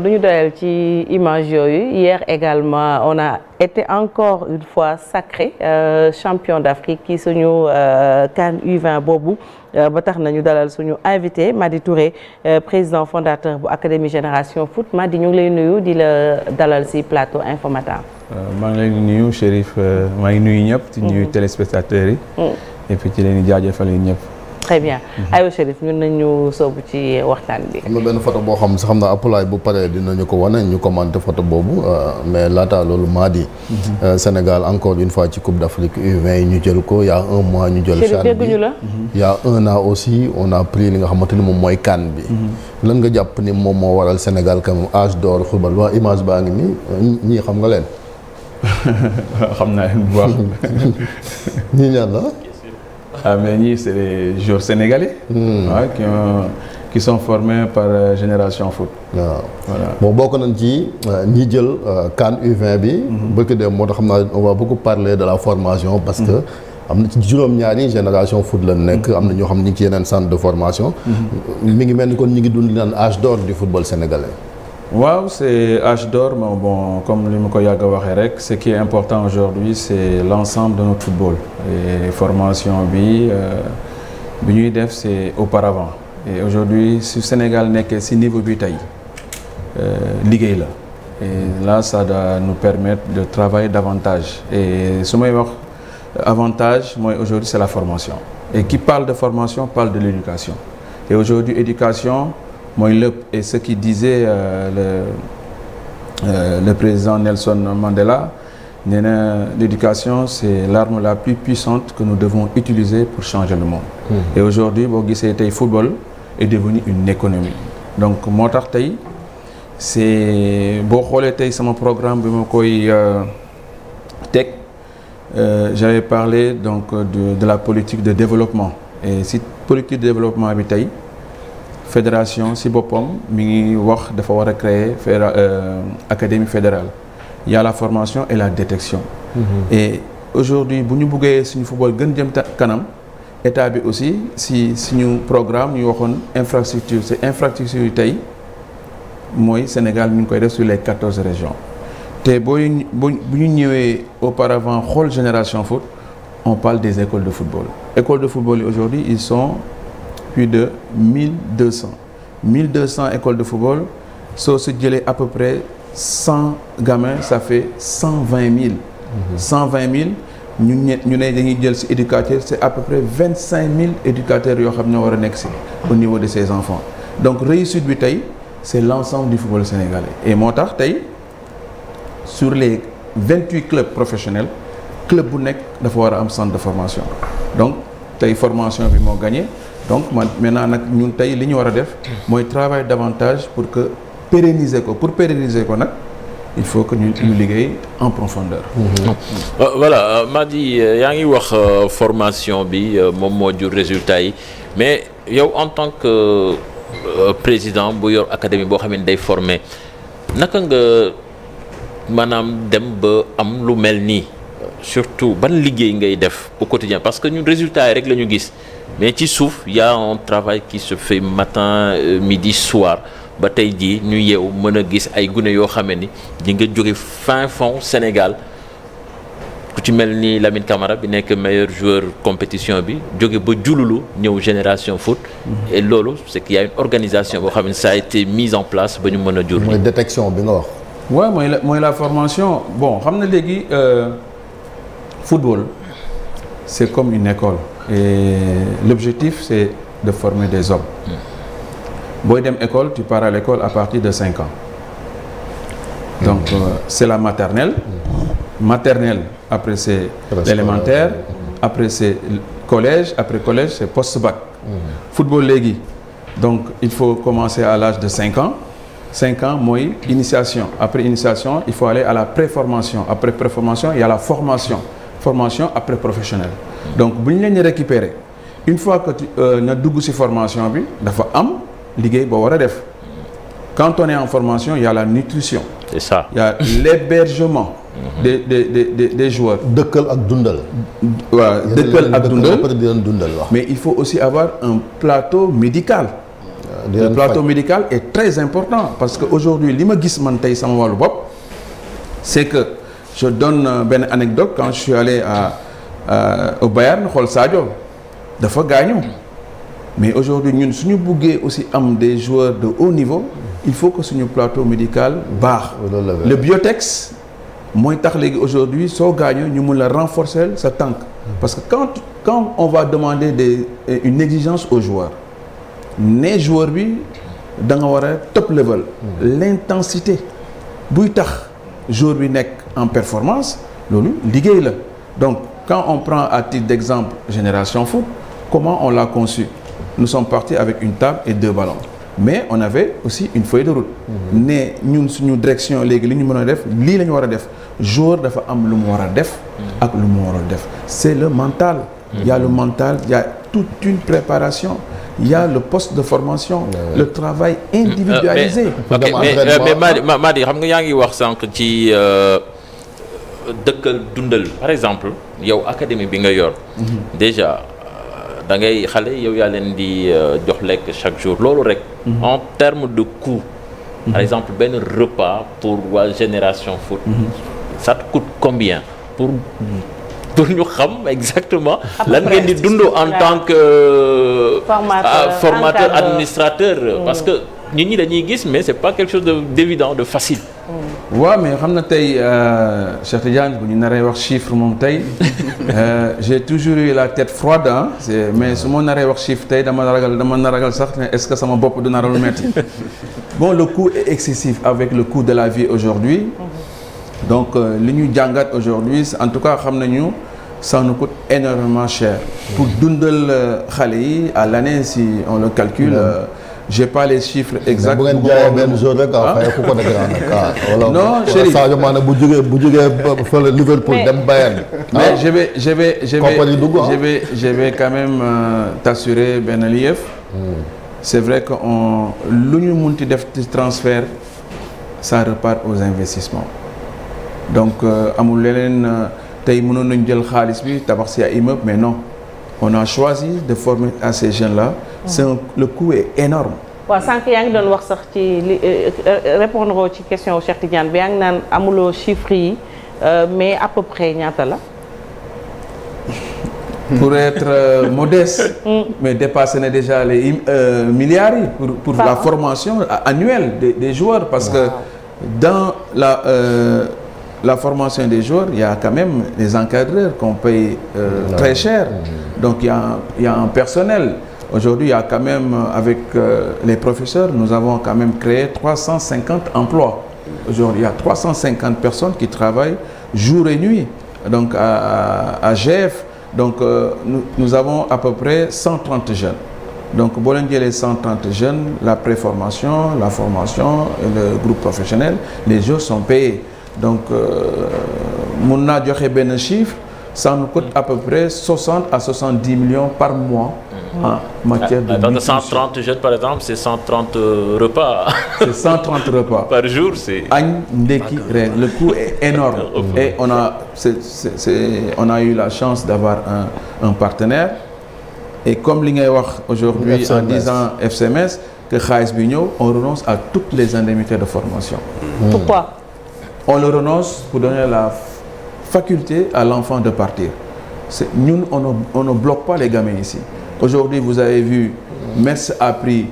duñu doyal ci image yooyu hier également on a été encore une fois sacré euh, champion d'Afrique ci suñu euh, CAN U20 boobu euh, ba tax nañu dalal suñu invité Madi Touré euh, président fondateur bu Académie Génération Foot Madi ñu ngi lay nuyu di la dalal ci plateau Infos Matin maa ngi lay nuyu Chérif maa ngi nuyu ñëpp di nuyu mm-hmm. téléspectateurs yi mm. et puis ci leen di jaajëfal ñëpp très bien mhm. ayo Chérif ñun nañu soobu ci waxtaan bi. am na benn photo boo xam sax xam na apulaay bu paree dinañu ko wane ñu commenté photo boobu euh, mais laata loolu maa di. Mhm. Euh, Sénégal encore une fois ci Coupe d'Afrique U20 yi ñu jël ko y' a un mois ñu jël. Chérif dégguñu la un an aussi on a pris li nga xamante ni moom mooy CAN bi. Mhm. lan nga jàpp ni moom moo waral Sénégal quand même âge d'or football waa image baa ngi nii ñii xam nga leen. xam naa leen bu baax. ñii ñaan la. Ameni, c'est les joueurs sénégalais mmh. ouais, qui, ont, qui, sont par euh, Génération Foot. waaw voilà bon bokk nañ ci euh, ñi jël euh, CAN u bi. Hmm. bëgg dem moo tax xam naa on va beaucoup parler de la formation parce hmm. que. am na ci juróom-ñaari génération foot la nekk. Hmm. am na ñoo xam ne ñu ci yeneen centre de formation. mi ngi mel ni kon ñu ngi dund naan âge d'or du football sénégalais. waaw c'est âge bon comme li ma ko yàgg waxee rek ce qui est important aujourd'hui c'est l'ensemble de notre football et formation bi euh, bi ñuy def c'est auparavant et aujourd'hui si Sénégal nekkee ci niveau bi tey euh, liggéey la et là ça doit nous permettre de travailler davantage et su may wax avantage mooy aujourd'hui c'est la formation e qui parle de formation parle de l'éducation et aujourd'hui éducation mooy lépp et ce qui disait euh, le euh, le président Nelson Mandela nee na l'éducation c'est l'arme la plus puissante que nous devons utiliser pour changer le monde mmh. et aujourd'hui boo gisee tey football est devenu une économie donc moo tax tey c'est boo xoolee tey sama programme bi ma koy euh, teg euh, j'avais parlé donc euh, de, de la politique de développement et si politique de développement bi tey fédération si boppam mu ngi wax dafa war a créer fédéra euh, académie fédérale il y a la formation et la détection mm-hmm. et aujourd'hui bu ñu buggee suñu football gën jëm kanam état bi aussi si suñu programme ñu waxoon infrastructure c'est infrastructure yi tey mooy Sénégal mi ngi koy def sur les quatorze régions te booy bu ñu ñëwee auparavant xool génération foot on parle des écoles de football écoles de football yi aujourd'hui ils sont plus de mille deux cent mille deux cent écoles de football soo si jëlee à peu près cent gamins ça fait cent vingt mille. Mhm. cent vingt mille ñu ne ñu ne dañuy jël si éducateurs c' est à peu près vingt cinq mille éducateurs yoo xam ne war a nekk si au niveau de ces enfants donc réussite bi tey c' est l' ensemble du football sénégalais et moo tax tey sur les vingt huit clubs professionnels club bu nekk dafa war a am centre de formation donc tey formation bi moo gagné. donc man maintenant nag ñun tey li ñu war a def mooy travail davantage pour que pérenniser ko pour pérenniser ko nag il faut que ñu ñu liggéey en profondeur. Mm-hmm. Euh, voilà euh, Mady euh, yaa ngi wax formation bi moom moo jur résultat yi mais yow en tant que président bu yor académie boo xam ne day former naka nga maanaam dem ba am lu mel nii surtout ban liggéey ngay def au quotidien parce que ñun résultat yi rek la ñu gis. mais ci suuf y a un travail qui se fait matin euh, midi soir ba tey jii ñu yeew mën a gis ay gune yoo xamee ni di nga jóge fin fond Sénégal ku ci mel ni Lamine Camara bi nekk meilleur joueur compétition bi jóge ba jululu ñëw génération foot. et loolu c'est qu'il y une organisation boo xam ne ça été mise en place ba ñu mën a jur. mooy détection bi nga wax. waaw mooy la mooy la formation bon xam na léegi euh, football c'est comme une école. et l'objectif c'est de former des hommes booy dem école tu pars à l'école à partir de cinq ans donc euh, c'est la maternelle maternelle après c'est l'élémentaire mm-hmm. après c'est collège après collège c'est post-bac mm-hmm. football léegi donc il faut commencer à l'âge de cinq ans cinq ans mooy initiation après initiation il faut aller à la préformation après préformation il y a la formation formation après professionnelle donc bu ñu leen di récupérer une fois que euh, na dugg ci formation bi dafa am liggéey boo war a def quand en formation il y a la nutrition. c'est ça mhm. des des des des joueurs. dëkkal ak dundal. waaw dëkkal ak dundal dundal mais il faut aussi avoir un plateau médical. Ah, le plateau médical est très important parce que aujourd'hui li ma gis man tey sama wàllu bopp c'est que je donne euh, benn anecdote quand je suis à. Euh, au Bayern xool Sadio dafa gaañu mais aujourd'hui ñun suñu buggee aussi am des joueurs de haut niveau il faut que suñu plateau médical baax le biotex mooy tax léegi aujourd'hui soo gaañoo ñu mun la renforcer sa tànk parce que quand quand on va demander des eh, une exigence aux joueurs ne joueur bi da nga war a top level mm. l'intensité buy tax joueur bi nekk en performance loolu liggéey la Quand on prend à titre d'exemple Génération Foot, comment on l'a conçu Nous sommes partis avec une table et deux ballons. mais on avait aussi une feuille de route. Mhm. ne ñun suñu direction léegi li ñu mën a def lii la ñu war a def jour dafa am lu mu war a def. Mhm. ak lu mu warul def. c'est le mental. il y a le mhm. mental il y a toute une préparation il y a le poste de formation. le travail individualisé. ok euh, mais mais euh, Madi xam nga yaa ngi wax sànq ci euh, dëkkal dundal par exemple. yow académie bi nga yor. Mhm. déjà euh, dangay xale yow yaa leen di euh, jox lekk chaque jour loolu rek. Mhm. en terme de coût. Mhm. par exemple benn repas pour waa génération foot. ça te coûte combien pour. pour ñu xam exactement lan ngeen di dund en tant euh, formateur ah, administrateur parce que nit ñi dañuy gis mais c'est pas quelque chose de d'évident de facile. waaw mm. mais xam na tey euh, Cheikh Tidiane bu ñu naree wax chiffre moom tey euh, j'ai toujours eu la tête froide ah mais su ma naree wax chiffre tey dama ragal dama na ragal sax est-ce que sama bopp du nar lu metti bon le coût est excessif avec le coût de la vie aujourd'hui mm-hmm. donc euh, li ñu jàngat aujourd'hui en tout cas xam nañu ça nous coûte énormément cher mm-hmm. pour dundal xale yi à l'année si on le calcule. Mm-hmm. je pas les chiffres exacts. bu ngeen jaayee benn jour rek ah fay ku ko nekk nag. non Chérif Sadio Mané bu jógee bu jógee fële Liverpool dem Bayern. mais ah. je vais je vais je vais ah. je euh, t'assurer benn li yëf. Hmm. c'est vrai que on lu ñu ti def ci transfert ça repart aux investissements donc euh, amul leneen euh, tey mënoon nañu jël xaalis bi tabax si ay immeuble mais non on a choisi de former à ces jeunes la c'est le coût est énorme waaw sànq yaa ngi doon wax sax ci li euh, euh, répondre ci question Cheikh Tidiane bi yaa ngi naan amuloo chifri yi euh, mais à peu près ñaata la pour être modeste mm. mais dépassé na déjà les euh, milliards pour pour la formation annuelle des, des joueurs parce que dans la euh, la formation des joueurs il y quand même des encadreurs qu'on paye très cher mm. donc il y a un personnel Aujourd'hui, i y quand même, euh, avec euh, les professeurs, nous avons quand même créé 350 emplois. Aujourd'hui, il y a 350 personnes qui travaillent jour et nuit donc à, à, à GF. Donc euh, nous, avons à peu près jeunes. Donc Bollinger les 130 jeunes, la préformation, la formation, le groupe professionnel, les jeux sont payés. Donc Mouna euh, ben chiffre, ça nous coûte à peu près 60 à 70 millions par mois en ah, matière de. Ah, dans 130 jeunes, par exemple, c'est 130 euh, repas. c'est 130 repas. par jour, c'est. Agne, ndeki, ah, reine. Le coût est énorme. Et on a, c est, c est, c est, on a eu la chance d'avoir un, un, partenaire. Et comme l'Ingaïwak aujourd'hui, en disant FCMS, que Khaïs Bigno, on renonce à toutes les indemnités de formation. Mmh. Pourquoi On le renonce pour donner la faculté à l'enfant de partir. Nous, on ne, on ne bloque pas les gamins ici. aujourd'hui vous avez vu Metz a pris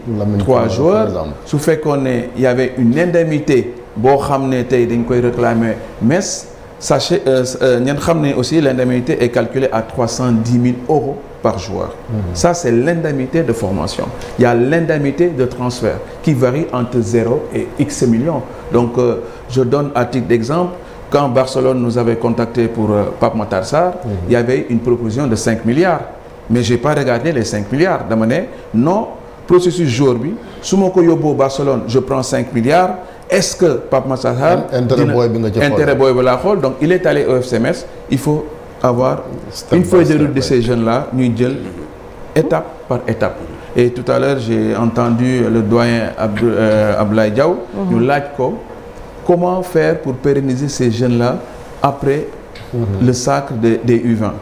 trois joueurs su fekkoon ne y avait une indemnité boo xam ne tey dañ koy réclamer Metz sachez euh, euh, ngeen xam ne aussi l'indemnité est calculée à trois cent dix mille euros par joueur mmh. ça c'est l'indemnité de formation il y a l'indemnité de transfert qui varie entre zéro et x millions donc euh, je donne à titre d'exemple quand Barcelone nous avait contacté pour euh, Pape Matar Sarr mmh. il y avait une proposition de cinq milliards mais j'ai pas regardé les cinq milliards dama ne non processus jour bi su ma ko yóbboo Barcelone je prends cinq milliards est-ce que Pape Massar Sarr intérêt booy bi nga ci xool intérêt booy bi xool donc il est allé au FCMS il faut avoir step une feuille de route de ces jeunes là ñuy jël étape par étape et tout à l'heure j'ai entendu le doyen Abdou euh, Abdoulaye Diaw mhm. ñu laaj ko comment faire pour pérenniser ces jeunes là après mm -hmm. le sacre des U20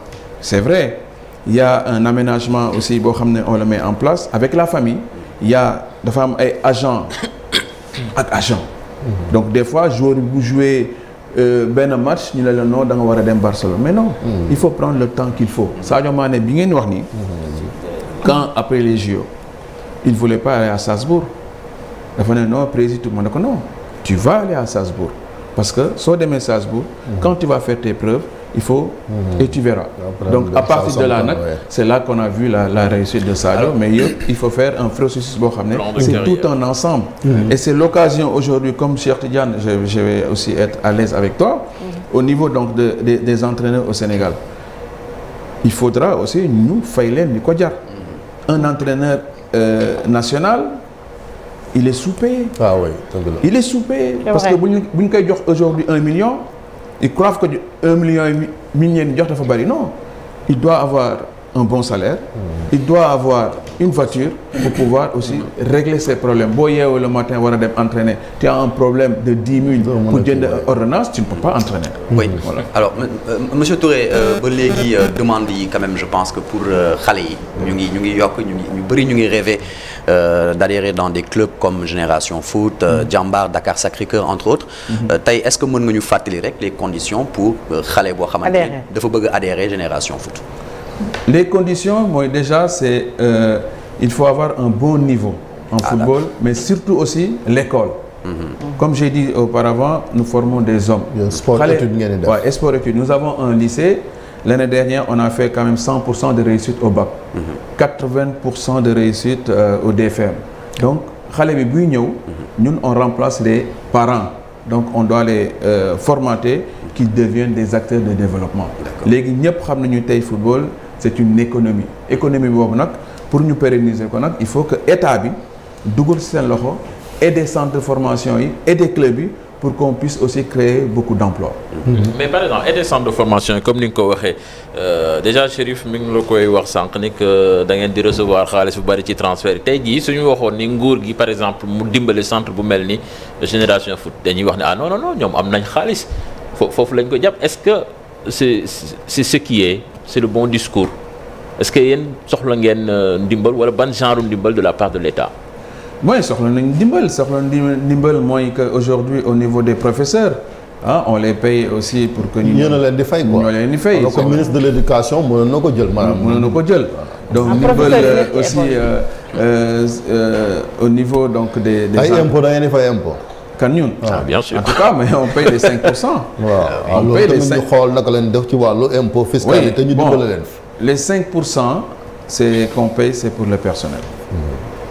c'est vrai il un aménagement aussi boo xam ne on le met en place avec la famille il dafa am ay agent ak agent mhm. donc des fois joueur bi bu jouer euh, benn match ñu ne la non da nga war a dem Barcelone mais non mhm. il faut prendre le temps qu'il faut Sadio Mané bi ngeen wax nii mhm. quand après les JO il voulait pas aller à Salzbourg dafa ne non président ma ne ko non tu vas aller à Salzbourg parce que soo demee Salzbourg quand tu vas faire te preuves il faut. Mhm. et tu donc à partir de là nag c' est là qu'on a vu la réussite de Sadio mais yëpp il faut faire un processus boo xam ne. c' est tout un ensemble. Mhm. et c' est aujourd'hui comme Cheikh Tidiane je vais aussi être à l'aise avec toi. Mhm. au niveau donc de des des entraîneurs au Sénégal il faudra aussi ñu fay leen li ko jar. un entraîneur euh, national. il est sous-payé. ah oui il est sous-payé. parce que bu ñu bu jox aujourd'hui un million. ils croient que un million mi ñu leen jox dafa bari no il doit avoir un bon salaire. Hmm. il doit avoir une voiture pour pouvoir aussi régler ses problèmes boo yeewoo le matin war a dem entraîner tu as un problème de dix mille oh, pour jënd ordonnance tu ne peux pas entraîner. oui voilà alors euh, monsieur Touré euh, ba léegi euh, demande yi quand même je pense que pour xale yi. ñu ngi ñu ngi yokk ñu ngi ñu bëri ñu ngi rêver d'adhérer dans des clubs comme Génération Foot. Hmm. Jambar Dakar Sacré-Cœur entre autres. Hmm. tey est-ce que mën nga ñu fàttali rek les conditions pour xale boo xamante ne dafa bëgg adhérer Génération Foot. les conditions mooy déjà c'est euh, il faut avoir un bon niveau en ah, football mais surtout aussi l'école Mm -hmm. Comme j'ai dit auparavant, nous formons des hommes. sport études ngeen di def. Ouais, sport études. Nous avons un lycée. L'année dernière, on a fait quand même 100% de réussite au bac. Mm -hmm. 80% de réussite euh, au DFM. Donc xale bi buy ñëw mm-hmm. ñun on remplace les parents. Donc on doit les euh, formater qu'ils deviennent des acteurs de développement. Léegi ñëpp xam nañu tey football c'est une économie économie boobu nag pour ñu pérenniser ko nag il faut que état bi dugal seen loxo et des centres de formation yi et des yi pour qu'on puisse aussi créer beaucoup d'emplois mm-hmm. mais par exemple et des de formation yi comme ni nga ko waxee euh, déjà Chérif mi ngi la koy wax sànq ni que da ngeen di recevoir xaalis bu bari ci transfert yi tey jii suñu waxoon ni nguur gi par exemple mu dimbali centre bu mel ni Génération Foot dañuy wax ne ah non non non am nañ xaalis foofu lañ ko jàpp ce que c'est c'est ce qui est c'est le bon discours est-ce que yéen soxla ngeen euh, ndimbal wala ban genre ndimbal de la part de l'État mooy soxla nañ ndimbal soxla ndimbal mooy que aujourd'hui au niveau des professeurs ah, on les paye aussi pour que. ñu ñoo leen di fay moo ñoo leen di fay. soxla ministre de l'éducation mënoon na ko jël maanaam. mënoon na ko jël ah. donc ndimbal euh, aussi euh, euh, euh, au niveau donc des. des ay impôts da ngeen di fay impôt askan ñun. ah bien sûr en mais on paye les pour cent. waaw on paye les 5 xool naka leen def ci wàllu impôt fiscal yi te ñu dimbale leen. les 5 pour cent c'est qu'on paye c'est pour le personnel. Hmm.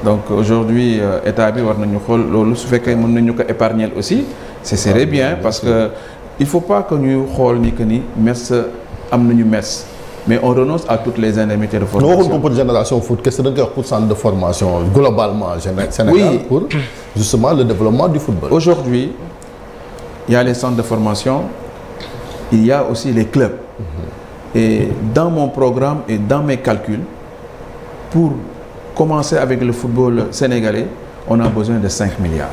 donc aujourd'hui euh, état bi war nañu xool loolu su fekkee mën nañu ko épargner aussi. ce ah, serait bien parce que il faut pas que ñuy xool ni que ni MES am nañu MES. mais on renonce à toutes les indemnités de formation. ñu waxoon ko pour génération foot kese dañ koy wax pour justement le développement du football. Aujourd'hui, il y a les centres de formation, il y a aussi les clubs. Mhm. Et dans mon programme et dans mes calculs, pour commencer avec le football sénégalais, on a besoin de 5 milliards.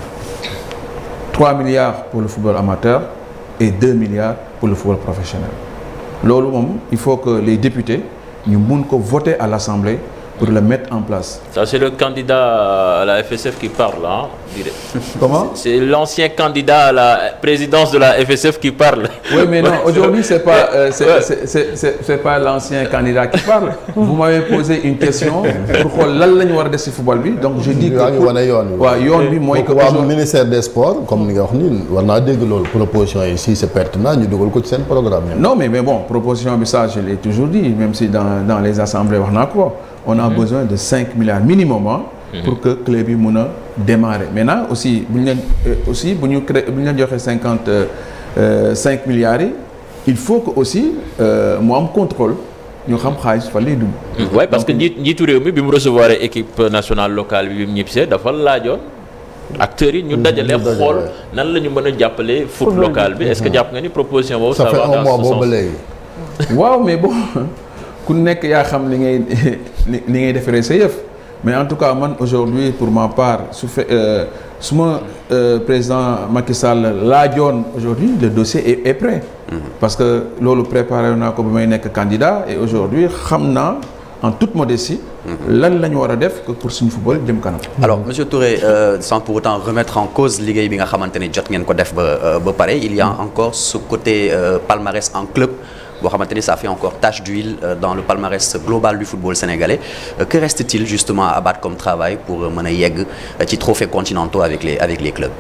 3 milliards pour le football amateur et 2 milliards pour le football professionnel. Lolo, il faut que les députés nous voter à l'Assemblée pour le mettre en place. Ça, c'est le candidat à la FSF qui parle, hein, Comment C'est l'ancien candidat à la présidence de la FSF qui parle. Oui, mais non, aujourd'hui, ce n'est pas, euh, ouais. pas l'ancien candidat qui parle. Vous m'avez posé une question. Pourquoi l'Allemagne de ce football Donc, Donc, que dit, a dit que la proposition ici, c'est pertinent, nous devons le un programme. Non, mais, mais bon, proposition, je l'ai toujours dit, même si dans, les assemblées, on on a mhm. besoin de cinq milliards minimum mhm. pour que clé bi mun a démarrer maintenant aussi bu ñu leen euh, aussi bu ñu créé bu ñu leen joxee cinquante euh, euh, cinq milliards yi il faut que aussi mu am contrôle. ñu xam xaalis fan lay dugg. waaye mhm. parce que njiitu réew mi bi mu recevoir équipe nationale locale bi bi mu ñibbisee dafa laajoon acteurs yi ñu mm-hmm. dajale xool nan la ñu mën a jàppale foot local bi est-ce que mm-hmm. jàpp nga ni proposition boobu. ça va dans ce waaw mais bon. ku nekk yaa xam li ngay li ngay defaree sa yëf mais en tout cas man aujourd'hui pour ma part su fe euh, su ma euh, président Macky Sall laajoon aujourd'hui le dossier est, est prêt mm-hmm. parce que loolu préparé naa ko ba may nekk candidat et aujourd'hui xam naa en toute modestie mm-hmm. lan la ñu war a def pour suñu football dem kanam. alors monsieur Touré euh, sans pour autant remettre en cause liggéey bi nga xamante ne jot ngeen ko def ba euh, ba pare il y mm-hmm. encore su côté euh, palmarès en club boo xamante ni ça fait encore tache d'huile euh, dans le palmarès global du football sénégalais euh, que reste-t-il justement à battre comme travail pour euh, mën a yegg ci trophées continentaux avec les avec les clubs.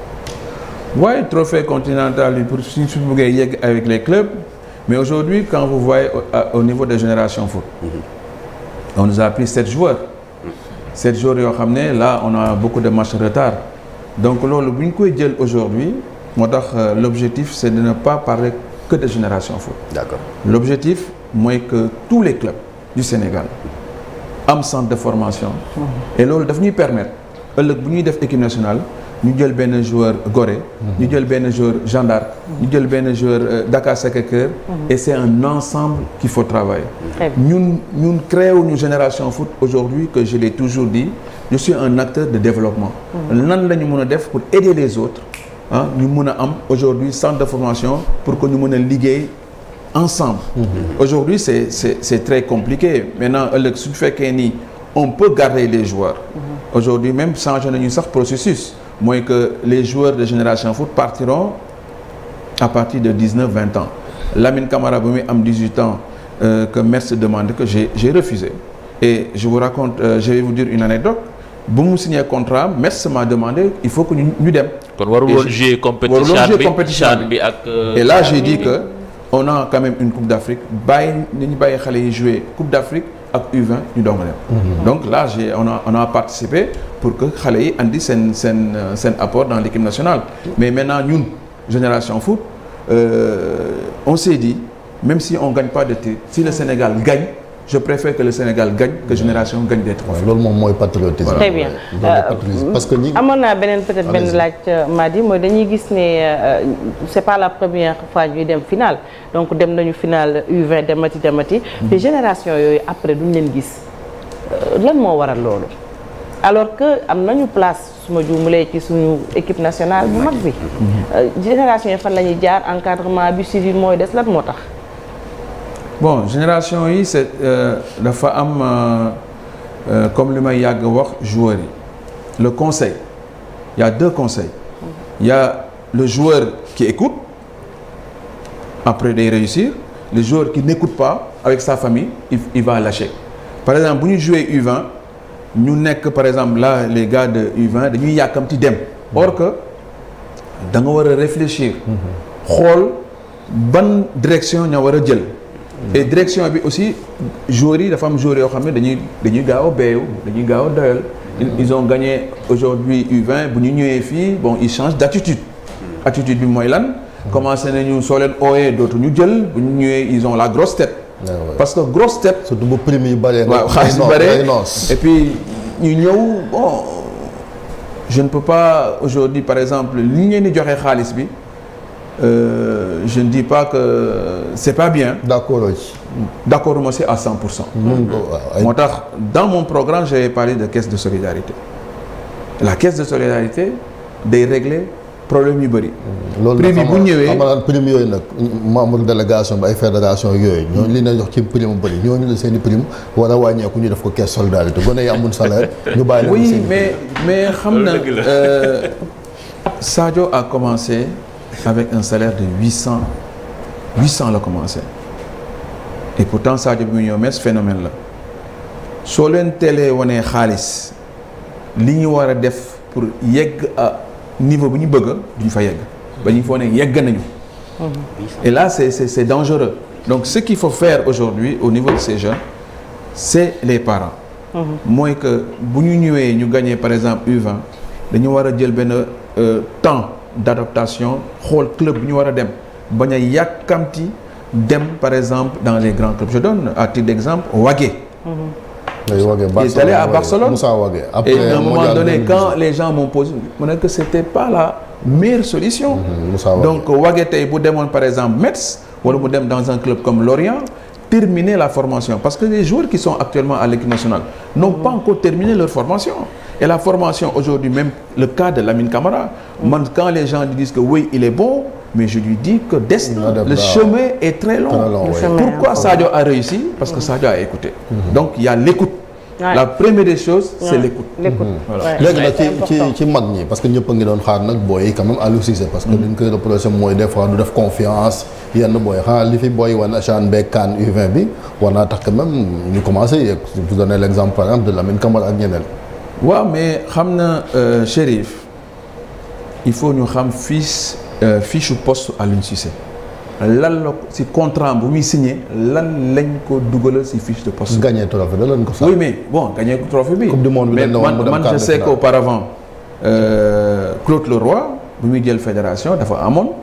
waaye ouais, trophée continental yi pour suñ su bëggee yegg avec les clubs mais aujourd'hui quand vous voyez au, au niveau des génération foot. Mm -hmm. on nous a pris sept joueurs. Mhm. sept joueurs yoo xam ne là on a beaucoup de matchs retard donc loolu bu ñu koy jël aujourd'hui moo tax l'objectif c'est de ne pas que de Génération Foot. D'accord. L'objectif mooy que tous les clubs du Sénégal am centre de formation. Mmh. et loolu daf ñuy permettre ëllëg bu ñuy def équipe nationale ñu jël benn joueur Gorée. Mmh. ñu jël benn joueur Jeanne d'Arc. Mmh. ñu jël benn joueur euh, Dakar Sacré-Cœur. et c'est un ensemble qu'il faut travailler. ñun ñun créé ñu Génération Foot aujourd'hui que je l'ai toujours dit je suis un acteur de développement. lan la ñu mën def pour aider les autres. ah ñu mën a am aujourd'hui centre de formation pour que ñu mën a liggéey ensemble mm-hmm. aujourd'hui c'est c'est c'est très compliqué maintenant ëllëg suñu fekkee ni on peut garder les joueurs mm-hmm. aujourd'hui même changé nañu sax processus mooy que les joueurs de génération foot partiront à partir de dix-neuf vingt ans Lamine Camara ba muy am dix-huit ans euh, que Metz demande que j'ai j'ai refusé et je vous raconte euh, je vais vous dire une anecdote bu mu signé contrat Metz m'a demandé il faut que ñu ñu dem. kon warul woon jouer compétition bi bi ak. Euh, et là j'ai dit que on a quand même une coupe d'Afrique bàyyi nañu bàyyi xale yi jouer coupe d'Afrique ak U20 ñu doog a dem. Mhm. donc là on a on a participé pour que xale yi andi seen seen euh, seen apport dans l'équipe nationale. mais maintenant ñun génération foot euh, on s'est dit même si on gagne pas de titre si le Sénégal gagne. je préfère que le Sénégal gagne que génération gagne des trophées. loolu moom mooy patriotisme. très bien euh, parce que ñi. amoon naa beneen peut-être benn laaj euh, Madi mooy dañuy gis ne euh, c'est pas la première fois ñuy dem finale donc dem nañu finale U20 demati demati. Hmm. te génération yooyu après duñ leen gis lan moo waral loolu. alors que am nañu place su ma juumalee ci suñu équipe nationale bu mag bi. Hmm. fan la ñuy jaar encadrement bi suivi mooy des lan moo tax. bon génération yi c'est euh, dafa am euh, euh, comme li may yàgg wax joueur yi le conseil il deux conseils il le joueur qui écoute après day réussir le joueur qui n'écoute pas avec sa famille il va lâcher par exemple bu ñu jouee U20 ñu nekk par exemple là les gars de U20 dañuy yàkkamti dem or que da nga war a réfléchir mm-hmm. xool ban direction ñoo war a jël et direction bi aussi joueurs yi dafa am joueurs yoo xam ne dañuy dañuy gaaw a beeyu dañuy gaaw a doyal. ils ont gagné aujourd'hui u bu ñu ñëwee fii bon ils changent d'attitude. attitude bi mooy lan. commencé nañu soo leen ooyee dootu ñu jël bu ñu ñëwee ils ont la grosse tête. Ah parce que grosse tête. surtout bu prime yi bëree. waaw xaalis bëree et puis ñu ñëw bon je ne peux pas aujourd'hui par exemple li ngeen di joxe xaalis bi. Euh, je ne dis pas que c'est pas bien. d'accord d'accord ma si à 100 pour cent. Mmh, moo tax dans mon programme j'avais parlé de caisse de solidarité la caisse de solidarité day régler problème yu bëri. prime yi bu ñëwee loolu nag prime yooyu nag membre délégation bi ay fédération yooyu. ñooñu li ñu jox ci prime bu bëri ñooñu la seen i prime war a wàññeeku ñu def ko caisse solidarité gone yi amul salaire ñu bàyyi leen. oui mais mais xam na euh, Sadio a commencé. avec un salaire de 800 800 la commencé et pour pourtant Sadio bi mu ñëw Metz phénomène la soo leen teelee wanee xaalis li ñu war a def pour yegg à niveau bu ñu bëgg duñ fa yegg ba ñu foo ne yegg nañu et là c'est c'est c'est dangereux donc ce qu'il faut fair aujourd'hui au niveau de ces jeunes c'est les parents mooy que bu ñu ñëwee ñu gagné par exemple U20 dañu war a jël benn euh, temps d'adaptation xool club bi ñu war a dem bañ a yàkkamti dem par exemple dans les grands clubs je donne à titre d'exemple Wagué. day mmh. Wagué à Barcelone Moussa Wagué après moment donné quand les gens m'ont posé mu nekk c'était pas la meilleure solution. Mmh, Moussa donc Wagué tey bu demoon par exemple Metz wala mu dem dans un club comme Lorient. terminer la formation parce que les joueurs qui sont actuellement à l'équipe nationale n'ont pas encore terminé leur formation. Et la formation aujourd'hui, même le cas de Lamine Camara, mmh. quand les gens disent que oui, il est bon, mais je lui dis que destin, le chemin est très long. Très long oui. a réussi Parce que mm-hmm. Sadio a écouté. Mm-hmm. Donc il y a l'écoute. Ouais. La première des choses, ouais. c'est l'écoute. L'écoute. Mm-hmm. ci ci parce que ñëpp a ngi doon xaar nag booy yi quand parce que dañ koy reproché fois du def confiance yenn booy xanaa li fi booy wan achan beeg CAN U20 bi war naa tax l'exemple par exemple Lamine Camara ak ñeneen. waaw mais xam na euh, Chérif il faut ñu xam fiche euh, fiche poste Aliou Cissé lan la si contrant bu muy signé lan lañ ko dugalal si fiche de poste. gagné trophée da lañ ko sax. oui mais bon gagné trophée bi. coupe du monde bi man man je sais qu'auparavant euh, Claude Leroy bu muy jël fédération dafa amoon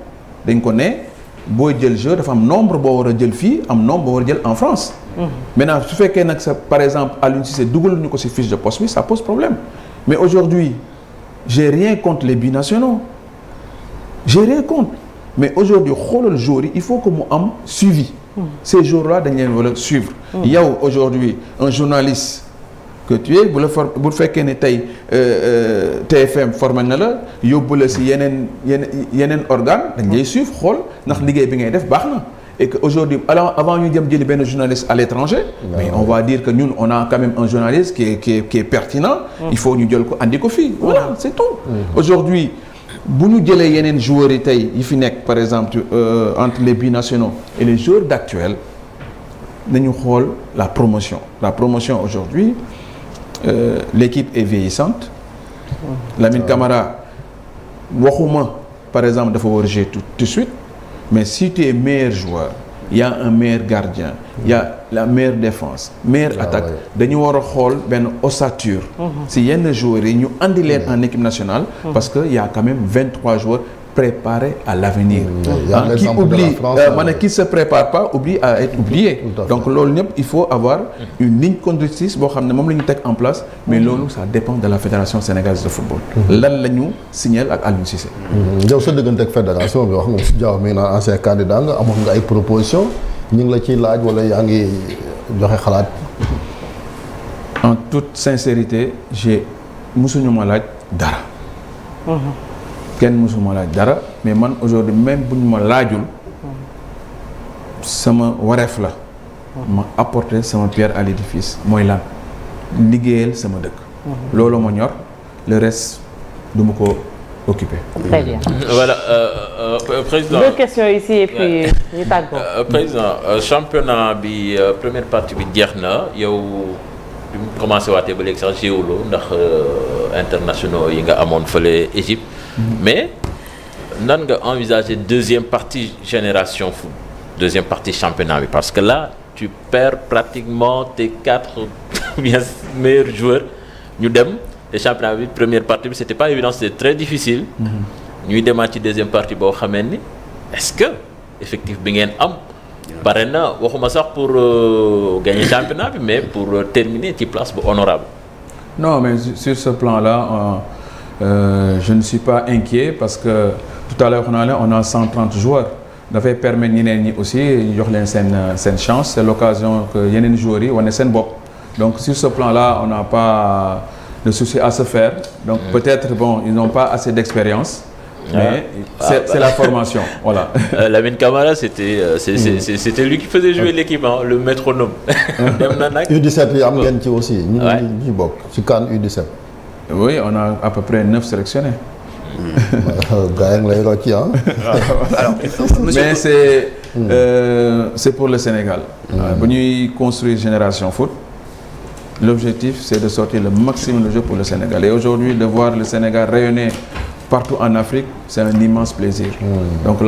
dañ ko ne. booy jël jeu dafa am nombre boo war a jël fii am nombre boo war a jël en France. Mhm. maintenant su fekkee nag sa par exemple Aliou Cissé dugal ñu ko ci fiche de poste bi ça pose problème mais aujourd'hui j'ai rien contre les binationaux j'ai rien contre mais aujourd'hui xoolal joueurs yi il faut que mu am suivi. Mhm. ces joueurs là dañ leen war a suivre. Mhm. yow aujourd'hui un journaliste. que tu es bu la for bu fekkee ne tey euh, euh, TFM formé na la yóbbu la si yeneen yeneen yeneen organe dañ lay suivre xool ndax liggéey bi ngay def baax na et que aujourd'hui alors avant ñu jëm jëli benn journaliste à l'étranger mais on va dire que ñun on a quand même un journaliste qui est qui est, qui est pertinent mm. il faut ñu jël ko andi ko fii voilà mm. c'est tout mm. aujourd'hui bu ñu jëlee yeneen joueurs yi tey yi fi nekk par exemple euh, entre les binationaux et les joueurs d'actuel nañu xool la promotion la promotion aujourd'hui euh, l'équipe est vieillissante Lamine Camara waxuma par exemple dafa war a jouer tout de suite mais si tu es meilleur joueur y a un meilleur gardien y a la meilleure défense meilleure ah, attaque dañu war a xool benn ossature mhm. si yenn joueurs yi ñu andi leen en équipe nationale mhm. parce que y a vingt-trois joueurs préparé à l'avenir mmh. qui oublie euh, euh, ma ne qui se prépare pas oublie à être oublié donc loolu ñëpp il faut avoir une ligne conductrice boo xam ne moom la ñu teg en place mais loolu ça dépend de la fédération sénégalaise de football mm-hmm. lan la ñu signal ak Aliou Cissé mm-hmm. sa dëggante ak fédération bi wax nga si jaww mi naan ancien candidat nga amoon nga ay proposition ñu ngi la ciy laaj wala yaa ngi joxe xalaat en toute sincérité j'ai musuñu ma laaj d kenn mësuma laaj dara mais man aujourd'hui même bu ñu ma laajul sama wareef la ma apporter sama pierre à l'édifice mooy lan liggéeyal sama dëkk loolu ma ñor le reste du ma ko occupé très bien voilà euh, euh, euh, championnat bi première partie bi jeex na yow bi mu commencé waatee ba léegi sax géewuloo ndax internationaux yi nga amoon fële Égypte mais nan nga envisager deuxième partie génération foot deuxième partie championnat bi parce que là tu perds pratiquement te quatre meilleurs joueurs ñu dem te championnat bi première partie bi c'était pas évident c'était très difficile. Mm-hmm. ñuy demaat ci deuxième partie boo xamee ni est-ce que effectif bi ngeen am. bare na waxuma sax pour euh, gagner championnat bi mais pour euh, terminer ci place bu honorable non mais sur ce plan là. Euh, Euh, je ne suis pas inquiet parce que tout à l'heure on a 130 joueurs dafay permettre ñeneen ñi aussi ñu jox leen seen seen chance c'est l'occasion que yeneen joueurs yi wane seen bopp donc sur ce plan-là on n'a pas de souci à se faire donc mmh. peut-être bon ils n'ont pas assez d'expérience ah. mais ah, c'est la formation voilà. Euh, Lamine Camara c'était euh, hmm. c'était lui qui faisait jouer ah. l'équipe le métronome. dem na am ngeen ci aussi. ñu ngi ñu bokk ci CAN U17. oui on a à peu près neuf sélectionnés. gars est. Hmm. Euh, pour le Sénégal. Hmm. Ah, bu ñuy construire génération foot. l' objectif c' est de sortir le maximum le Sénégal et aujourd'hui de voir partout en Afrique c' est un immense plaisir. Hmm.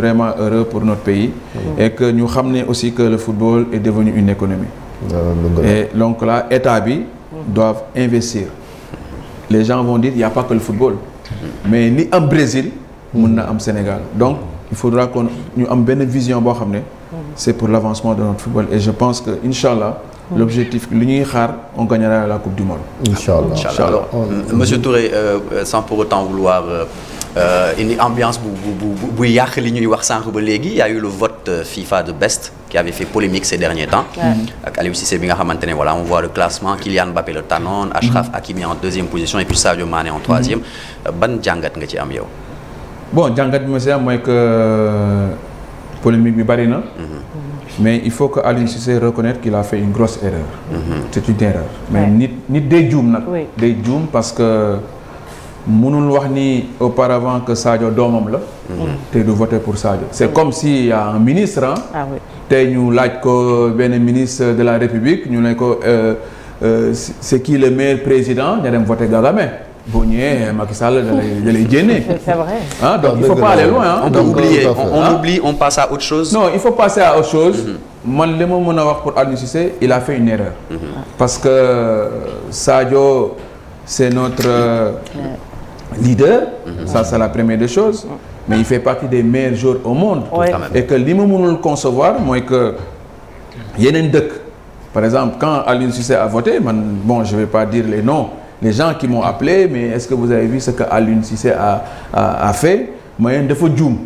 vraiment pour notre ñu xam ne aussi que le football est devenu une économie. Ah, et donc là bi. investir. les gens vont dire y a pas que le football mais li am Brésil mun na am Sénégal donc il faudra qu'on ñu am benn vision boo xam ne c'est pour l'avancement de notre football et je pense que incha allah l'objectif li ñuy xaar on gagnera la coupe du monde inchallah inchallah euh, monsieur Touré euh, euh, sans pour autant vouloir indi euh, euh ambiance bu bu bu bu yàq li ñuy wax sànq ba léegi y a eu le vote cette euh, FIFA de best qui avait fait polémique ces derniers temps. Mhm. ak Aliou bi nga xamante ne voilà on voit le classement Kylian Mbappé le tànnoon. Achraf mhm. Hakimi en deuxième position et puis Sadio Mané en troisième. Mhm. ban jàngat nga ci am yow. bon jàngat bi ma si am mooy que euh, polémique bi bari na. mais il faut que Aliou reconnaître qu'il a fait une grosse erreur. c'est une erreur mais nit nit day juum nag. day juum parce que. mënul wax ni auparavant que Sadio doomam la. Mhm. te du voter pour Sadio. c' est comme si y' a un ministre ah. ah ñu laaj ko benn ministre de la République ñu ne ko euh, euh, c' est qui le meilleur président nga dem voter Gagamé. boo ñëwee Macky Sall da lay da lay génne. c'est ah, donc il faut ah, pas aller loin ah. on peut passer à autre chose. Mhm. man li ma mën a wax pour Aliou Cissé il a fait une erreur. Mhm. parce que euh, Sadio c'est notre. leader. ça c'est la première de choses. mais il fait partie des meilleurs joueurs au monde. et que li ma mënul concevoir mooy que yeneen dëkk. par exemple quand Aliou Cissé a voté man bon je vais pas dire les noms les gens qui m'ont appelé mais est-ce que vous avez vu ce que Aliou Cissé a a a fait mooy dafa juum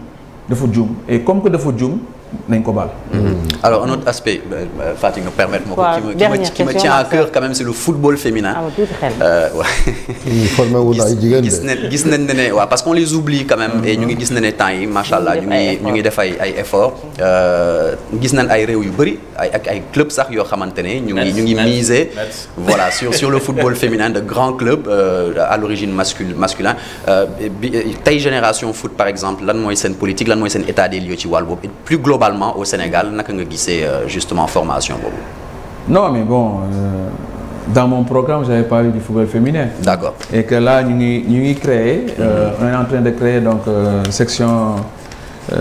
dafa juum et comme que dafa juum. nañ ko baal. Mm-hmm. alors un autre aspect euh, euh, Fatou nga permettre ma ko. waaw dernière qui me tient à cœur quand même c'est le football féminin. gis nañ ne ne waaw parce qu'on les oublie quand même. et ñu ngi gis na ne temps yi macha allah ñu ngi ñu ngi def ay ay efforts. Euh, nan ay réew yu bëri ay ak ay club sax yoo xamante ne. ñu ngi ñu ngi miser. voilà sur sur le football féminin de grands clubs à l'origine mascul masculin bi tey génération foot par exemple lan mooy politique lan mooy état des lieux ci wàll boobu plus global globalement au Sénégal naka nga gisee euh, justement formation boobu. non mais bon euh, dans mon programme j'avais parlé du football féminin. d'accord et que là ñu ngi ñu ngi créer. Mhm. Euh, on est de créer donc euh, section euh,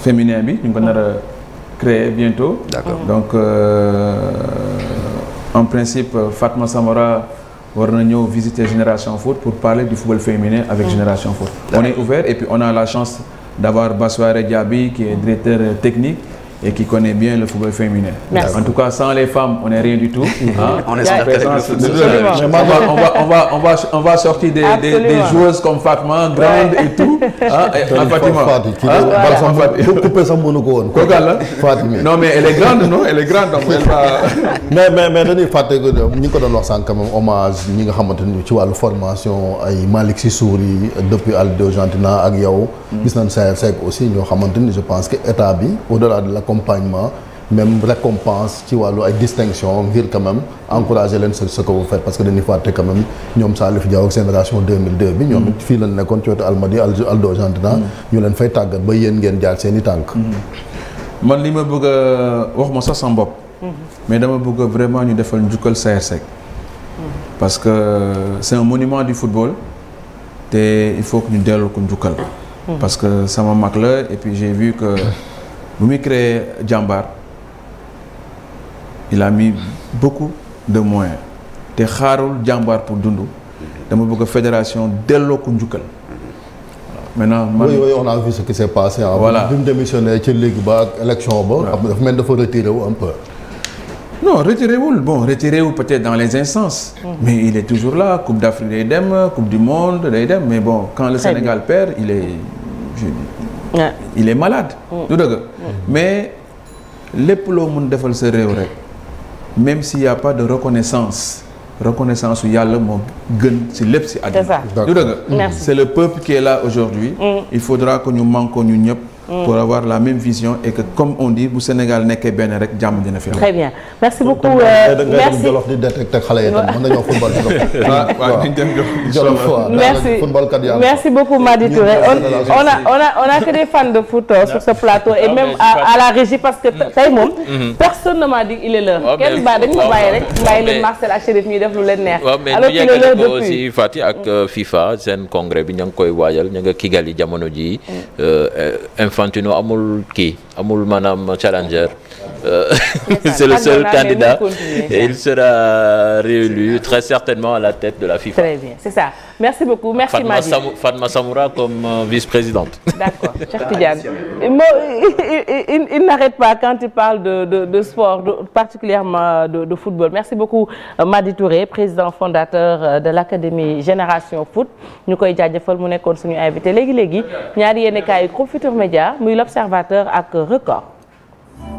féminin bi ñu ngi ko nar a créer bientôt. d'accord mhm. donc en principe Fatma Samora. war na ñëw visiter Génération Foot pour parler du football féminin avec mhm. Génération Foot. on est ouvert et on a la chance d'avoir Bassoir Diaby qui est directeur technique et qui connaît bien le football féminin. Merci. En tout cas, sans les femmes, on n'est rien du tout. Hein? on est sur On va sortir des, des, des joueuses comme Fatma, ñu ko doon wax sànq quand même ñi nga xamante ni ci wàllu formation ay Malick Sissour yi depuis Aldo Gentina ak yow. Mm. gis nañ Sayar Seck aussi ñoo xamante ni je pense que état bi au-delà de la accompagnement même récompense ci wàllu ay distinction ngir quand même encourager leen ce ce que vous faites parce que dañuy fàtte quand même ñoom Salif Diaw ak génération 2002 bi ñoom mm. fii lañ nekkoon ci wetu Aldo Argentina mm. ñu leen fay tàggat ba yéen ngeen jaar seen tànk mm. man li ma bëgg a sax sama bopp mm-hmm. mais dama bëgg vraiment ñu defal njukkal Saer Seck mm-hmm. parce que c'est monument du football te il faut que ñu dellu ko njukkal parce que sama mag la et puis bu muy créer jàmbaar il a mis beaucoup de moyens te xaarul jàmbaar pour dund dama bëgg fédération delloo ko njukkal. maintenant man oui a vu ce qui s'est passé. voilà bi mu démissionné ci ligue ba ak élection ba. waaw dafa dafa retiré wu un non retiré wul bon retiré wu peut-être dans les instances. Mmh. mais il est toujours la coupe d'Afrique day dem coupe du monde day dem mais bon. quand le Sénégal perd il est il est malade. Mm. du dëgg. mais lépp loo mun defal sa réew rek même si y a pas de reconnaissance reconnaissance su yàlla moo gën si lépp si àdduna du dëgg c'est le peuple ki est là aujourd'hui mm. il faudra ko ñu manko ñu ñëpp pour avoir la même vision et que comme on dit bu Sénégal nekkee benn rek jàmm dina fi am. très bien merci beaucoup. Euh, merci jolof di détecté xale yi tam mën nañoo football on a on a on a que de foot euh, sur ce plateau et même à la régie parce que mm. tey moom. Mm-hmm. Mm-hmm. personne ne m'a dit il est oh, kenn ba dañ ma bàyyi rek Marcel ak Chérif ñuy def lu leen neex. alors qu'il est l'heure depuis ak euh, FIFA seen congrès bi ña ngi koy waajal ña nga Kigali jamono ji mm. Infantino amul kii amul maanaam challenger Euh, c'est le ah, seul candidat et il sera réélu très certainement à la tête de la FIFA. Très bien, c'est ça. Merci beaucoup. Merci Fatma Madi. Samou, Fatma Samoura comme euh, vice-présidente. D'accord. Cheikh Tidiane. Il, il n'arrête pas quand il parle de de de sport, particulièrement de football. Merci beaucoup euh, Madi Touré, président fondateur de l'Académie Génération Foot. ñu koy jaajëfal mu nekkoon suñu invité léegi léegi ñaari yéenekaay yi Groupe Futurs Médias muy l'Observateur ak